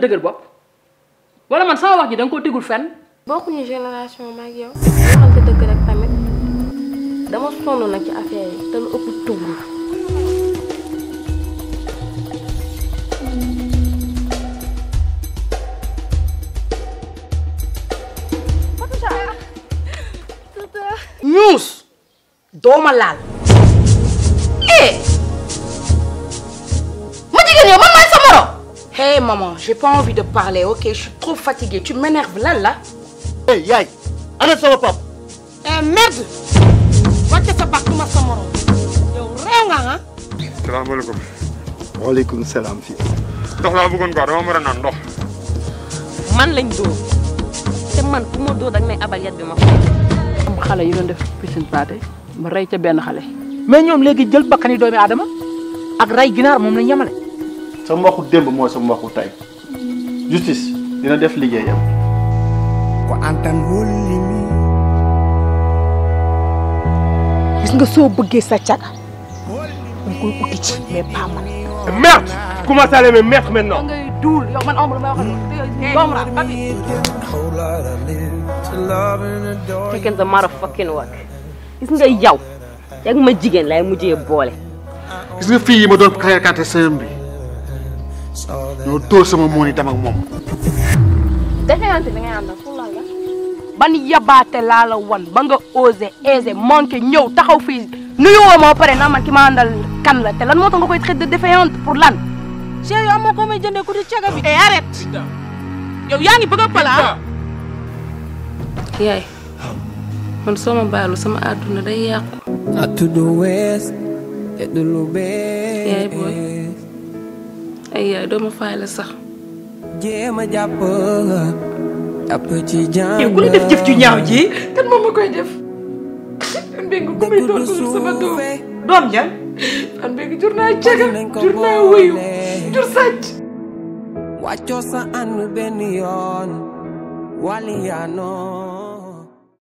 dëgër bopp wala man sama wax ji da nga koo tegul fenn. bokkuñu génération ma ak yow. xamante dëgg rek tamit dama sonn nag ci affaire yi te lu ëpp tugul. ñuus doo j'ai pas envie de parler, ok Je suis trop fatiguée. Tu m'énerves là, là. hey, Yaï, arrête ça, papa. Eh, merde Wacce sa bakk ma sa morom. Yow réew nga, hein Salaamaaleykum. Waaleykum salaam fii. Ndox laa bëggoon quoi dama mën a naan ndox. Man lañ do. Te man ku ma dóor dag may abal yat bi ma am xale yi doon def piscine paate ma rey ca benn xale. mais ñoom léegi jël bakkani doomi aadama ak rey ginaar moom la ñamale. sa mbokku démb mooy sa mbokku tey. justice dina def liggéeyam. ko antan wóolu nga soo bëggee sa caga da koy uti ci mais pas man. merde commencé à l'aimer merde maintenant. ngay duul yow man ombre ma wax papi. Mm. fekkee nga yow yaa ma jigéen lay mujjee boole. gis nga fii yi ma doon xayma ñoo tóor sama moon itam ak moom. ban yabaate laa la wan ba nga osé aisé manqué ñëw taxaw fii nuyuwoo moo pare naa man ki ma àndal kan la te lan moo tax nga koy traité de défaillante pour lan. chers yow amoo ko may jëndee ku di caga bi. et eh, arrête yow yaa a ah? yaay man soo ma baalu sama àdduna day yàqu. ay yaay dooma faay sax. jéem a jàpp jàpp ci jàng. ku jëf ju ñaaw ji kan moom ma koy def. an mbéy mi ku muy doon ko sama doom doom ja an mbéy mi jur naa jaga jur naa wuyu jur sàcc. wàccoo sa ànd benn yoon wàllu